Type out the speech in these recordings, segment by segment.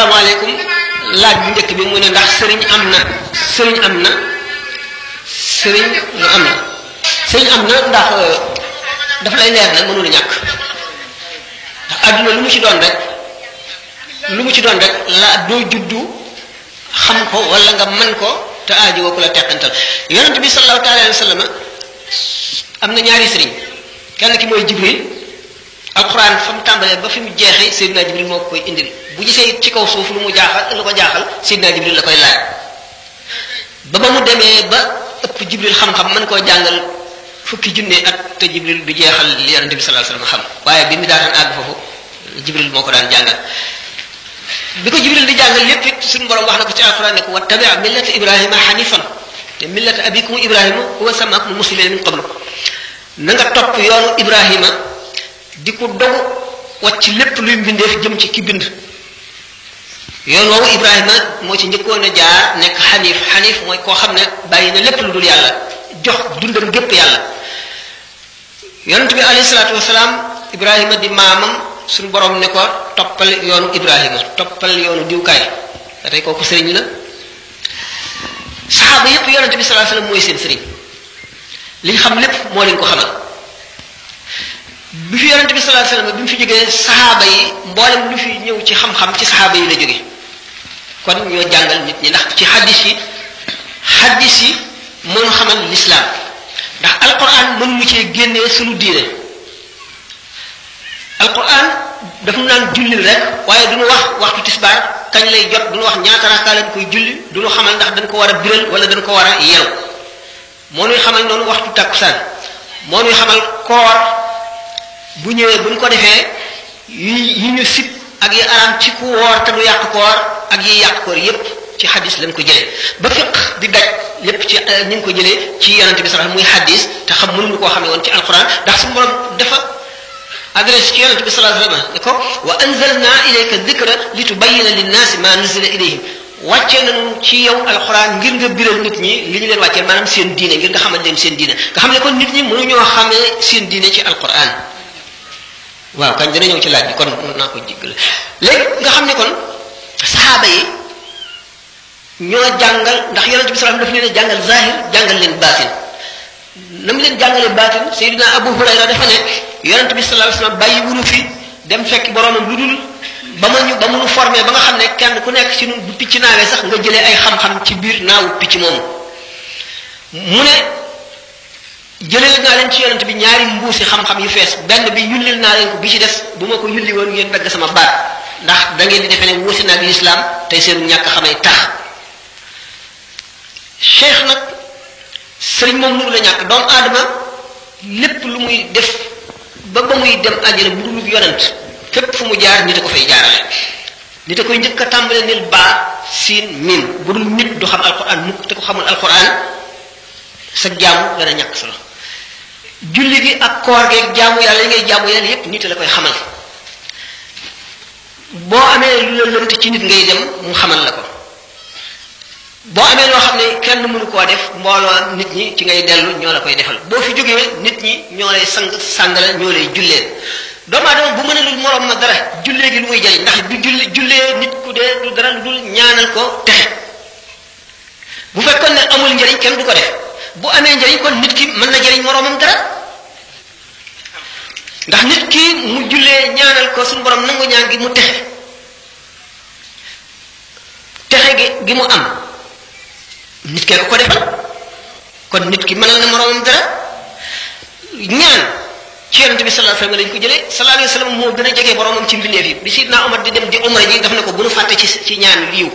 asalaamaaleykum laaj bu njëkk bi mu ne ndax sëriñ am na sëriñ am na sëriñ am na sëriñ am ndax euh, daf lay leer nag mënul ñàkk ndax lu mu ci doon rek lu mu ci doon rek la doo juddu xam ko wala nga mën ko te aajo woo ko la teqantal yonent bi sallallahu taala alayhi wa am na ñaari sëriñ kenn ki mooy Jibril alxuraan fa mu tàmbalee ba fi mu jeexee Seydina Jibril moo koy indil bu see gisee ci kaw suuf lu mu jaaxal lu ko jaaxal Seydina Jibril la koy laaj ba ba mu demee ba ëpp Jibril xam-xam mën koo jàngal fukki junne ak te Jibril du jeexal li yonente bi sallallahu alayhi xam waaye bi mu daataan àgg foofu ko daan jàngal bi ko di jàngal lépp it suñu borom wax na ko ci alxuraan ne ko wattabi millata Ibrahima hanifan te millata abikum Ibrahima huwa samaakum muslimin min qablu na nga topp yoonu Ibrahima di ko dogu wàcc lépp luy mbindeef jëm ci ki bind yoon woowu Ibrahima moo ci njëkkoon a jaar nekk xaniif xaniif mooy koo xam ne bàyyi na lépp lu dul yàlla jox dundam gépp yàlla yonent bi alayhi salaatu wasalaam Ibrahima di maamam suñu borom ne ko toppal yoonu Ibrahima toppal yoonu diwkaay da tey kooku sëriñ la saxaaba yépp yonent bi salaa salaam mooy seen sëriñ liñ xam lépp moo leen ko xamal bi fi yonente bi sallallahu bi mu fi jógee saxaaba yi mboolem lu fi ñëw ci xam-xam ci saxaaba yi la jóge kon ñoo jàngal nit ñi ndax ci xaddis yi xaddis yi moo xamal lislaam ndax alquran mënuñu cee génnee suñu diine alquran daf nu naan jullil rek waaye duñu wax waxtu tisbaar kañ lay jot duñu wax ñaata rakkaa lañ koy julli duñu xamal ndax dañ ko war a biral wala dañ ko war a yelu moo nuy xamal noonu waxtu takkusaan moo nuy xamal koor bu ñëwee bu buñ ko defee yi yi ñu sib ak yi araam ci ku woor te du yàq koor ak yi yàq koor yépp ci xadis lañ ko jëlee ba fiq di daj lépp ci euh, ni nga ko jëlee ci yonente bi sa muy xadis te xam mënuñu koo xamee woon ci alquran ndax suñu borom dafa adresse ci yonente bi sallallahu alayhi wasallam ne ko wa anzalna ilayka dhikra litubayyina linnaasi ma nuzila ilayhim wàccee nañu ci yow alquran ngir nga biral nit ñi li ñu seen diine ngir xam ne kon nit ñi xamee seen diine ci alquran waaw kañ dina ñëw ci laaj bi kon naa ko jéggal léegi nga xam ne kon saxaaba yi ñoo jàngal ndax yonent bi salaam daf leen a jàngal zahir jàngal leen baatin nam leen jàngalee baatin Seydina Abu Hurayra dafa ne yonent bi salaam salaam bàyyi wunu fii dem fekk boroomam lu dul ba ma ñu ba mu formé ba nga xam ne kenn ku nekk ci ñun bu picc naawee sax nga jëlee ay xam-xam ci biir naawu picc moomu mu ne jëleel naa leen ci yonent bi ñaari mbuusi xam-xam yu fees benn bi yullil naa leen ko bi ci des bu ma ko yulli woon ngeen dagg sama baat ndax da ngeen di defe ne wuusi naa ak lislaam tey seen ñàkk xamay tax cheikh nag sëriñ moom nuru la ñàkk doomu aadama lépp lu muy def ba ba muy dem àjjana bu dul yonent fépp fu mu jaar nit a ko fay jaarale nit a koy njëkk a tàmbalee nil baa siin miin bu dul nit du xam alquran mukk te ko xamul alquran sa jaamu dana ñàkk julli gi ak koor gi ak jaamu yàlla yi ngay jaamu yàlla yëpp nit la koy xamal boo amee lu la lënt ci nit ngay dem mu xamal la ko boo amee loo xam ne kenn mënu koo def mbooloo nit ñi ci ngay dellu ñoo la koy defal boo fi jógee nit ñi ñoo lay sang sàngala ñoo lay julleen doomu aadama bu mënalul moroom ma dara jullee gi lu muy jëriñ ndax du julli jullee nit ku dee du dara lu dul ñaanal ko texe bu fekkoon ne amul njëriñ kenn du ko def bu amee njëriñ kon nit ki mën na jëriñ moroomam dara ndax nit ki mu jullee ñaanal ko suñu borom nangu ñaan gi mu texe texe gi gi mu am nit kee ko ko defal kon nit ki man na moroomam dara ñaan ci yonente bi sallallahu alayhi wa sallam lañ ko jëlee sallallahu alayhi moo gën a jege boromam ci mbindeef yi bi sidna Omar di dem di umra ji daf ne ko bu nu fàtte ci ci ñaan liiw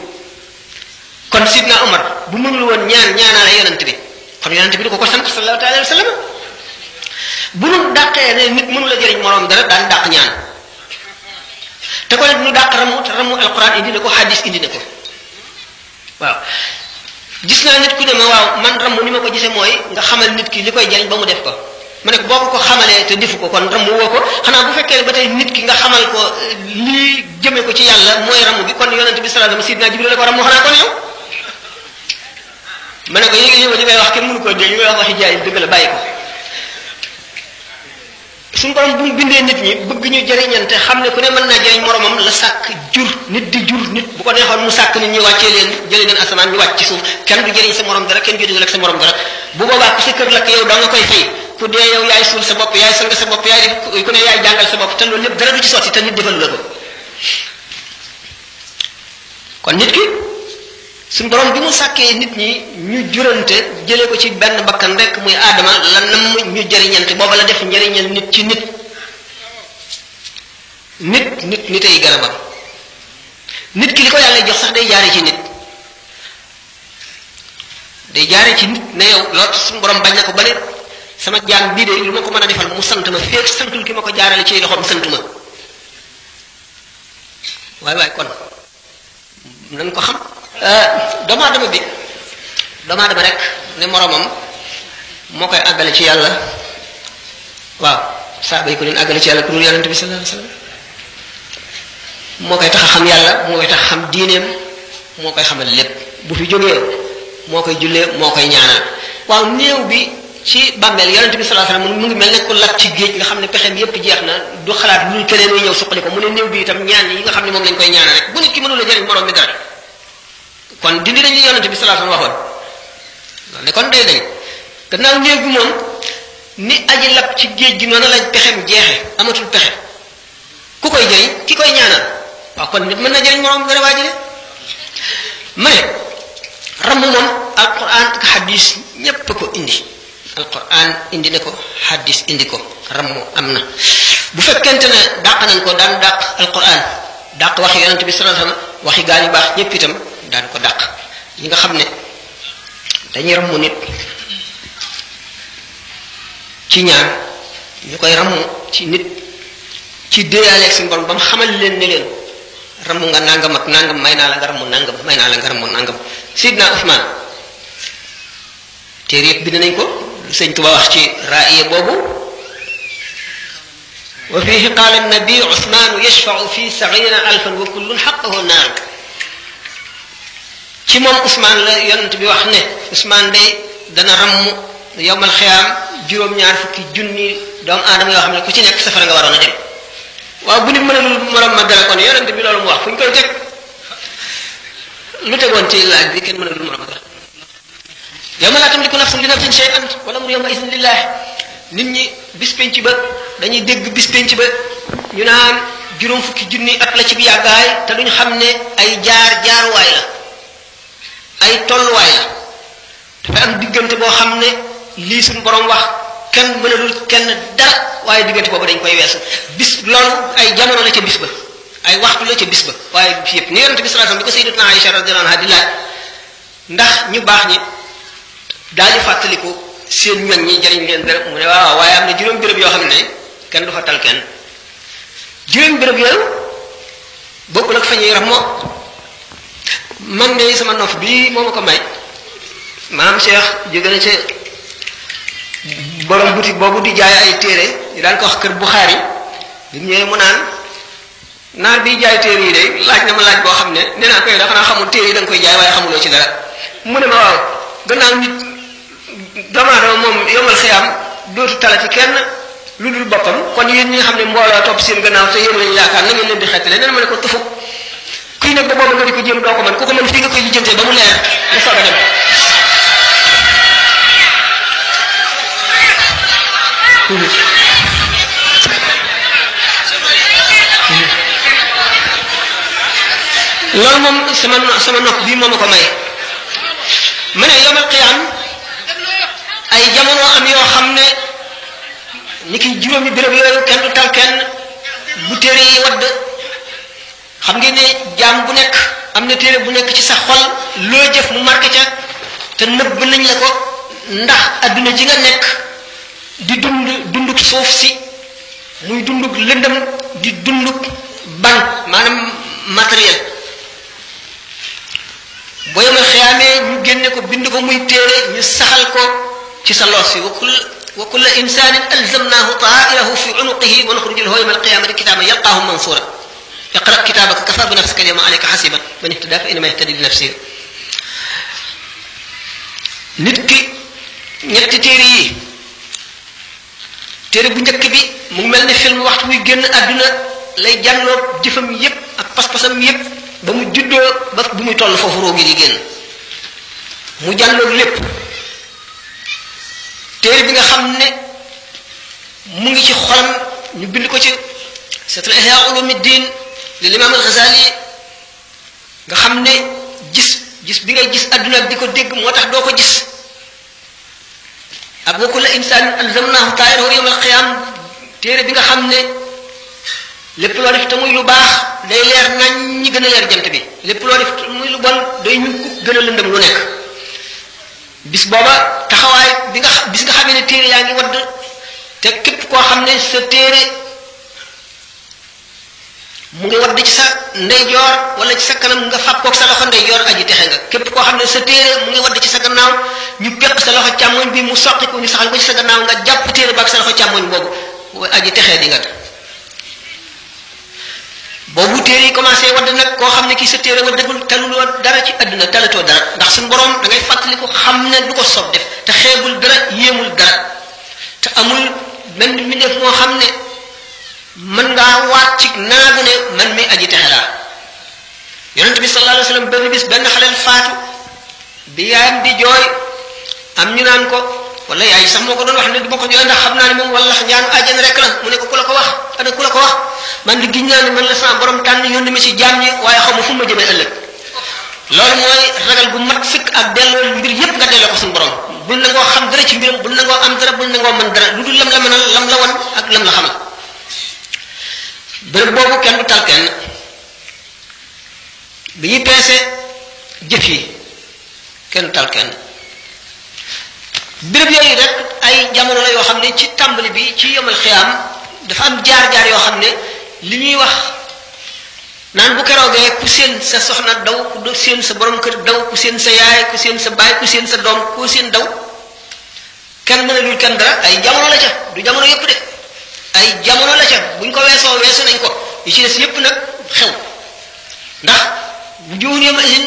kon sidna Omar bu mënul woon ñaan ñaanaale yonente bi kon yonent bi du ko ko sant sallallahu alayhi wa sallam bu nu dàqee ne nit mënu la jëriñ morom dara daan dàq ñaan te ko ne nu dàq ramu te ramu alquran indi na ko hadis indi na ko waaw gis naa nit ku ne ma waaw man ramu ni ma ko gisee mooy nga xamal nit ki li koy jëriñ ba mu def ko mu ne boo ko ko xamalee te defu ko kon ramu woo ko xanaa bu fekkee ba tey nit ki nga xamal ko eh, lii jëme ko ci yàlla mooy ramu bi kon yonent bi sallallahu alayhi wa sallam sidna Jibril la ma na ko yéegi yéegi li ngay wax kenn mënu ko dégg li ngay wax waxi dëgg la bàyyi ko suñu borom bu mu bindee nit ñi bëgg ñu jëriñante xam ne ku ne mën naa jëriñ moromam la sàkk jur nit di jur nit bu ko neexoon mu sàkk nit ñu wàccee leen jëlee leen asamaan ñu wàcc ci suuf kenn du jëriñ sa morom dara kenn du dugal ak sa morom dara bu boobaa ku sa kër lakk yow da nga koy fay ku dee yow yaay suul sa bopp yaay sang sa bopp yaay def ku ne yaay jàngal sa bopp te loolu lépp dara du ci ki suñ borom bi mu sàkkee nit ñi ñu jurante jële ko ci benn bakkan rek muy aadama la nam ñu jëriñante booba la def njëriñal nit ci nit nit ay nitay nit ki li ko yàlla jox sax day jaare ci nit day jaare ci nit ne yow loolu suñu borom bañ na ko ba ne sama jaam bii de lu ma ko mën a defal mu sant ma féeg santul ki ma ko jaarale ci loxoom sant ma waay waay kon nan ko xam Euh, doomu aadama bi doomu aadama rek ni moromam moo koy àggale ci yàlla waaw saaba yi ko leen àggale ci yàlla ku dul yonente bi sallallahu alayhi wasallam moo koy tax a xam yàlla moo koy tax a xam diineem moo koy xamal lépp bu fi jógee moo koy jullee moo koy ñaanal waaw néew bi ci bàmmeel yonente bi sallallahu alayhi wasallam mu ngi mel ne ku lat ci géej nga xam ne pexeem yépp jeex na du xalaat lu keneen ñëw suqali ko mu ne néew bi itam ñaan yi nga xam ne moom lañ koy ñaanal rek bu nit ki mënula jëriñ morom mi dara kon dindi nañu yonent bi sallallahu alayhi wasallam waxoon ne kon dee nañu gannaaw néeg moom ni aji lab ci géej gi noonu lañ pexem jeexe amatul pexe ku koy jëriñ ki koy ñaanal waaw kon nit mën na jëriñ moom gën a waajile ma ne ramm moom ak xadis ñépp ko indi alquran indi na ko xadis indi ko ramm am na bu fekkente ne dàq nañ ko daan dàq alquran dàq waxi yonent bi sallallahu alayhi wasallam waxi gaa yu baax ñépp itam daan ko ñi nga xam ne dañuy ramm nit ci ñaan ñu koy ramm ci nit ci déeyaaleeg suñu borom ba mu xamal leen ne leen nga nangam ak nangam may naa la nga ramm nangam may naa la nga ramm nangam sidna nañ ko lu sëñ Tuba ci raaya boobu wa fiihi qaala nabi Usmaanu yashfau fi saxiina alfan wa kullun xaqahu naar ci moom Ousmane la yonent bi wax ne Ousmane day dana ramm yowmal xiyaam juróom-ñaar fukki junni doomu aadama yoo xam ne ku ci nekk safara nga waroon a dem waaw bu nit mënalul morom ma dara kon yonent bi loolu mu wax ñu koy teg lu tegoon ci laaj bi kenn mënalul morom dara yowma laa tamliku nafsun li nafsin shay'an wala mu yowma isin lillah nit ñi bis penc ba dañuy dégg bis penc ba ñu naan juróom fukki junni at la ci yàggaay te duñ xam ne ay jaar jaaruwaay la ay tolluwaay la dafay am diggante boo xam ne lii suñu borom wax kenn mënalul kenn dara waaye diggante boobu dañ koy wees bis loolu ay jamono la ca bis ba ay waxtu la ca bis ba waaye bis yëpp ni yonente bi sallallahu alayhi bi ko sayyidatuna Aïcha di laaj ndax ñu baax ni daal di fàttaliku seen ñoñ ñi jariñ leen dara mu ne waaw waaye am na juróom béréb yoo xam ne kenn du fa tal kenn juróom béréb yooyu bokkul ak fa ñuy ramoo man de sama nof bii moo ma ko may maam Cheikh jóge na ca borom boutique boobu di jaay ay téere ñu daan ko wax kër Buxaari bi mu ñëwee naan naar bi jaay téere yi de laaj na ma laaj boo xam ne nee naa koy dafa naa xamul téere yi da koy jaay waaye xamuloo ci dara mu ne ma waaw gannaaw nit doomu aadama moom yomal am dootu tala ci kenn lu dul boppam kon yéen ñi nga xam ne mbooloo topp seen gannaaw te yéen lañu yaakaar na leen di xettale nee na ma ne ko tufuk kii nag ba a dem loolu moom sama sama bii moom a ko may ma ne yomal qiyaam ay jamono am yoo xam ne ni ki juróomi béréb yooyu kenn du kenn bu téere yi wadd xam ngeen ne jaam bu nekk am na téere bu nekk ci sa xol loo jëf mu marqué ca te nëbb nañ la ko ndax adduna ji nga nekk di dund dunduk suuf si muy dunduk lëndëm di dunduk ban maanaam matériel boo yemal xiyaamee ñu génne ko bind ko muy téere ñu saxal ko ci sa loos si wa kulla insaanin alzamnaahu taa'irahu fi unuqihi wa nuxriju lahu yawma alqiyaamati kitaaban yalqaahu mansuura iqra kitaabaka kafaa bi nafsika alyawma alayka xasiba man ihtada fa innama yahtadi li nafsihi nit ki ñetti téere yi téere bu njëkk bi mu ngi mel ne film waxtu wuy génn àdduna lay jàngloo jëfam yépp ak pas-pasam yépp ba mu juddoo ba bu muy toll foofu roo gi di génn mu jàngloo lépp téere bi nga xam ne mu ngi ci xolam ñu bind ko ci c'est Ihya Ulumuddin li limaam alxasaali nga xam ne gis gis bi ngay gis adduna di ko dégg moo tax doo ko gis ak wa kulla insaanin alzamnaahu taa'irahu yawmal qiyaam téere bi nga xam ne lépp loo def te muy lu baax day leer nañ ñi gën a leer jant bi lépp loo def te muy lu bon day ñu gën a lëndëm lu nekk bis booba taxawaay bi nga bis nga xam ne téere yaa ngi wadd te képp koo xam ne sa téere mu ngi wadd ci sa ndeyjoor wala ci sa kanam nga fab kook sa loxo ndeyjoor aji texe nga képp koo xam ne sa téere mu ngi wadd ci sa gannaaw ñu képp sa loxo càmmoñ bi mu soqi ko ñu saxal ko ci sa gannaaw nga jàpp téere ba ak sa loxo càmmoñ boobu aji texe di nga boobu téere yi commencé wadd nag koo xam ne kii sa téere waddagul taluloo dara ci àdduna talatoo dara ndax suñu borom da ngay fàttaliku xam ne du ko soob def te xeebul dara yéemul dara te amul benn mbindeef moo xam ne mën ngaa waat ci naagu ne man mi aji texe laa yonent bi sallallahu alayhi wasallam benn bis benn xaleel faatu bi yaayam di jooy am ñu naan ko wala yaay sax moo ko doon wax ne du ma ko jooy ndax xam naa ne moom wallax jaanu àjjana rek la mu ne ko ku la ko wax ana ku la ko wax man di giñ naa ne man la sama borom tànn yónni ma ci jaam ñi waaye xaw ma fu ma jëmee ëllëg loolu mooy ragal gu mat fikk ak delloo mbir yépp nga delloo ko suñu borom bul nangoo xam dara ci mbiram bul nangoo am dara bul nangoo mën dara lu dul lam la mënal lam la won ak lam la xamal bërëb boobu kenn du tal bi ñu peese jëf yi kenn du tal bërëb yooyu rek ay jamono la yoo xam ne ci tàmbali bi ci yomal xiyaam dafa am jaar-jaar yoo xam ne li ñuy wax naan bu keroogee ku seen sa soxna daw ku seen sa borom kër daw ku seen sa yaay ku seen sa baay ku seen sa doom ku seen daw kenn mënalul kenn dara ay jamono la ca du jamono yépp de ay jamono la ca buñ ko weesoo weesu nañ ko yi ci des yépp nag xew ndax wujuhun yawma'idhin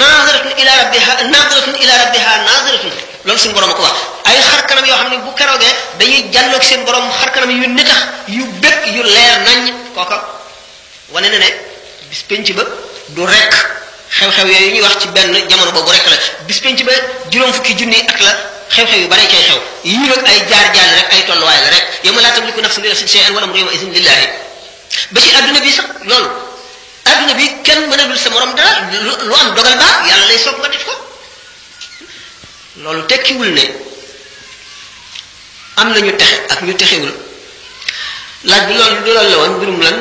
naadiratun ila rabbiha naadiratun ila rabbiha naadiratun loolu suñu borom a ko wax ay xar yoo xam ne bu keroogee dañuy jàlloog seen borom xar kanam yu nitax yu bëgg yu leer nañ kooka wane na ne bis penc ba du rekk xew-xew yooyu ñuy wax ci benn jamono boobu rekk la bis ba juróom fukki junni at la xew-xew yu bari cay xew yii nag ay jaar-jaar rek ay tolluwaay la rek yow ma laa tamliku nafsun li nafsin shay'an wal amru yawma idhin lillahi ba ci àdduna bi sax loolu adduna bi kenn mënalul sa morom dara lu am dogal baa yàlla lay soog nga def ko loolu tekkiwul ne am na ñu texe ak ñu texewul laaj bi loolu loolu la woon mbirum lan